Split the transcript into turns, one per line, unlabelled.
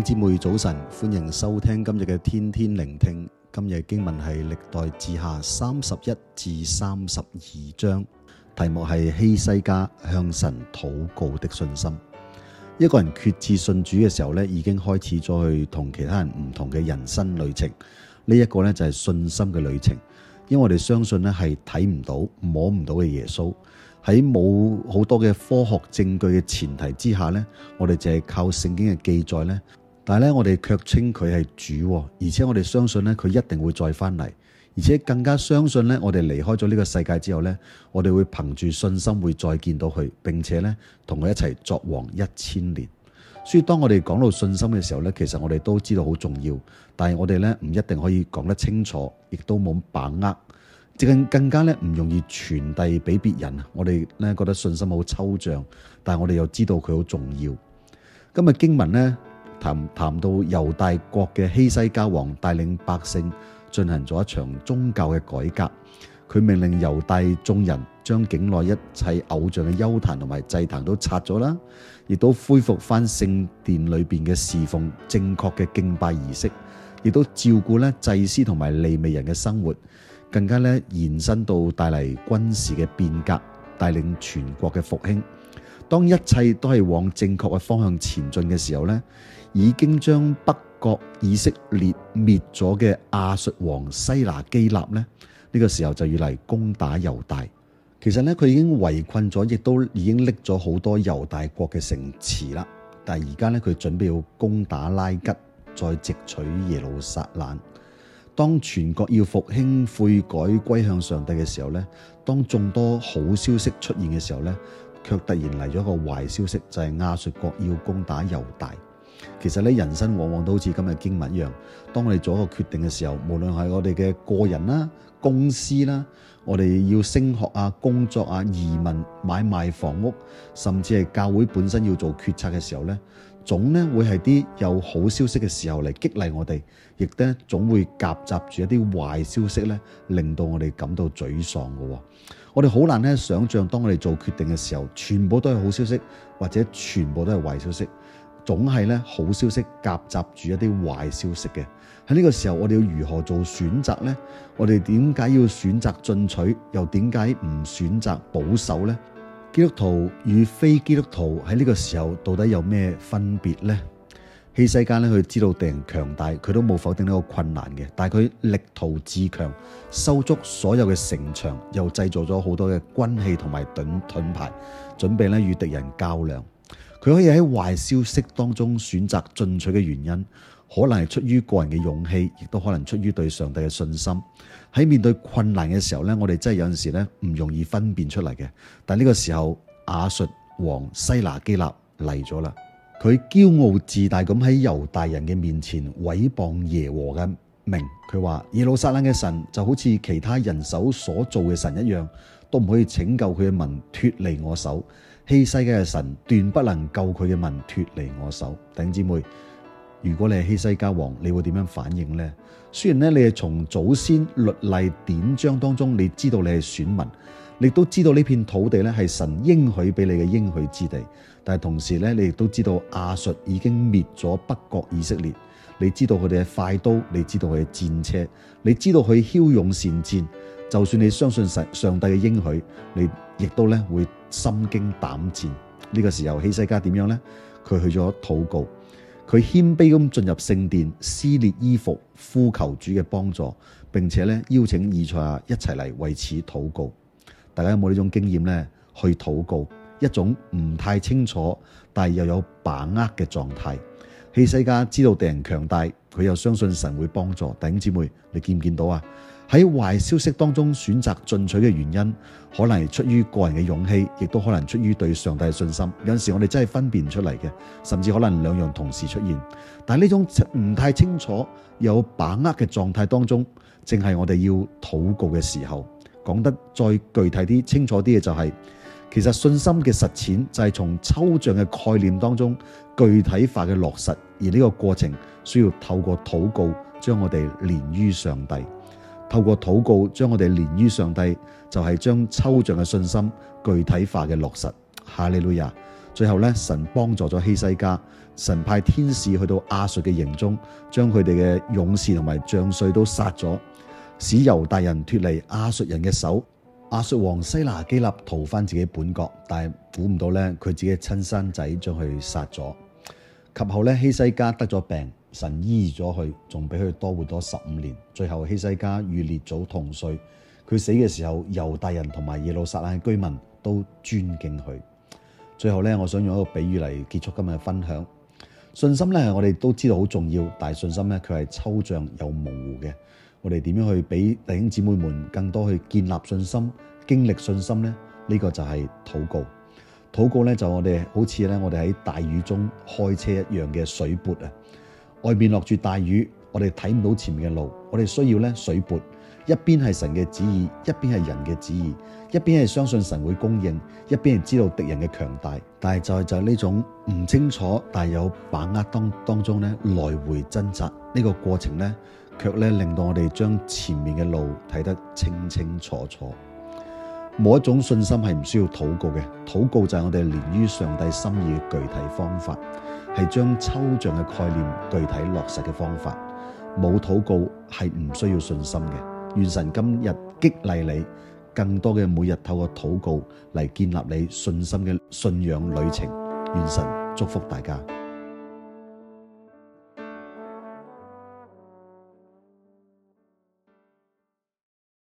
姐妹早晨，歡迎收聽今日嘅天天靈聽。今日經文係歷代志下三十一至三十二章，題目係希西家向神禱告的信心。一個人決志信主嘅時候咧，已經開始咗去同其他人唔同嘅人生旅程。呢、這、一個咧就係信心嘅旅程，因為我哋相信咧係睇唔到、摸唔到嘅耶穌，喺冇好多嘅科學證據嘅前提之下咧，我哋就係靠聖經嘅記載咧。但係咧，我哋卻稱佢係主，而且我哋相信咧，佢一定會再翻嚟，而且更加相信咧，我哋離開咗呢個世界之後咧，我哋會憑住信心會再見到佢，並且咧同佢一齊作王一千年。所以當我哋講到信心嘅時候咧，其實我哋都知道好重要，但係我哋咧唔一定可以講得清楚，亦都冇把握，即係更加咧唔容易傳遞俾別人。我哋咧覺得信心好抽象，但係我哋又知道佢好重要。今日經文咧，談談到猶大國嘅希西家王帶領百姓進行咗一場宗教嘅改革，佢命令猶大眾人將境內一切偶像嘅邱壇同埋祭壇都拆咗啦，亦都恢復返聖殿裏邊嘅侍奉、正確嘅敬拜儀式，亦都照顧咧祭司同埋利未人嘅生活，更加咧延伸到帶嚟軍事嘅變革，帶領全國嘅復興。當一切都係往正確嘅方向前進嘅時候呢，已經將北國以色列滅咗嘅亞述王西拿基立呢，呢、呢個時候就要嚟攻打猶大。其實呢，佢已經圍困咗，亦都已經拎咗好多猶大國嘅城池啦。但係而家呢，佢準備要攻打拉吉，再直取耶路撒冷。當全國要復興、悔改、歸向上帝嘅時候呢，當眾多好消息出現嘅時候呢，卻突然嚟咗一個壞消息，就係亞述國要攻打猶大。其實咧，人生往往都好似今日經文一樣，當我哋做一個決定嘅時候，無論係我哋嘅個人啦、公司啦，我哋要升學啊、工作啊、移民、買賣房屋，甚至係教會本身要做決策嘅時候咧，總咧會係啲有好消息嘅時候嚟激勵我哋，亦都總會夾雜住一啲壞消息咧，令到我哋感到沮喪嘅。我哋好難咧想象，當我哋做決定嘅時候，全部都係好消息，或者全部都係壞消息，總係咧好消息夾雜住一啲壞消息嘅。喺呢個時候，我哋要如何做選擇呢？我哋點解要選擇進取，又點解唔選擇保守呢？基督徒與非基督徒喺呢個時候到底有咩分別呢？希西家咧，佢知道敵人強大，佢都冇否定呢個困難嘅。但係佢力圖自強，修築所有嘅城牆，又製造咗好多嘅軍器同埋盾盾牌，準備咧與敵人較量。佢可以喺壞消息當中選擇進取嘅原因，可能係出於個人嘅勇氣，亦都可能出於對上帝嘅信心。喺面對困難嘅時候咧，我哋真係有陣時咧唔容易分辨出嚟嘅。但呢個時候，亞述王西拿基立嚟咗啦。佢驕傲自大咁喺猶大人嘅面前，毀謗耶和嘅名。佢話耶路撒冷嘅神就好似其他人手所造嘅神一樣，都唔可以拯救佢嘅民脱離我手。希西家嘅神斷不能救佢嘅民脱離我手。弟兄姊妹，如果你係希西家王，你會點樣反應呢？雖然呢，你係從祖先律例典章當中，你知道你係選民。你都知道呢片土地咧，係神應許俾你嘅應許之地。但係同時咧，你亦都知道亞述已經滅咗北國以色列。你知道佢哋嘅快刀，你知道佢嘅戰車，你知道佢驍勇善戰。就算你相信神上帝嘅應許，你亦都咧會心驚膽戰。呢個時候，希西家點樣呢？佢去咗禱告，佢謙卑咁進入聖殿，撕裂衣服，呼求主嘅幫助，並且咧邀請以賽亞一齊嚟為此禱告。大家有冇呢種經驗呢？去禱告，一種唔太清楚但又有把握嘅狀態，希西家知道敵人強大，佢又相信神會幫助。弟兄姊妹，你見唔見到啊？喺壞消息當中選擇進取嘅原因，可能係出於個人嘅勇氣，亦都可能出於對上帝嘅信心。有陣時我哋真係分辨唔出嚟嘅，甚至可能兩樣同時出現。但係呢種唔太清楚有把握嘅狀態當中，正係我哋要禱告嘅時候。講得再具體啲、清楚啲嘅就係、是，其實信心嘅實踐就係從抽象嘅概念當中具體化嘅落實，而呢個過程需要透過禱告將我哋連於上帝，透過禱告將我哋連於上帝就係、是、將抽象嘅信心具體化嘅落實。哈利路亞！最後咧，神幫助咗希西家，神派天使去到亞述嘅營中，將佢哋嘅勇士同埋將帥都殺咗。使猶大人脫離亞述人嘅手，亞述王西拿基立逃返自己本國，但係估唔到咧，佢自己嘅親生仔將佢殺咗。及後咧，希西家得咗病，神醫咗佢，仲畀佢多活多十五年。最後希西家與列祖同睡，佢死嘅時候，猶大人同埋耶路撒冷嘅居民都尊敬佢。最後咧，我想用一個比喻嚟結束今日嘅分享。信心咧，我哋都知道好重要，但係信心咧，佢係抽象又模糊嘅。我哋點樣去俾弟兄姊妹們更多去建立信心、經歷信心呢？呢個就係禱告。禱告呢，就像我哋好似咧我哋喺大雨中開車一樣嘅水撥啊！外面落住大雨，我哋睇唔到前面嘅路，我哋需要呢水撥。一邊係神嘅旨意，一邊係人嘅旨意，一邊係相信神會供應，一邊係知道敵人嘅強大。但係就係就呢種唔清楚但有把握當當中呢，來回掙扎呢個過程呢。卻令到我哋將前面嘅路睇得清清楚楚。冇一種信心係唔需要禱告嘅，禱告就係我哋連於上帝心意嘅具體方法，係將抽象嘅概念具體落實嘅方法。冇禱告係唔需要信心嘅。願神今日激勵你，更多嘅每日透過禱告嚟建立你信心嘅信仰旅程。願神祝福大家。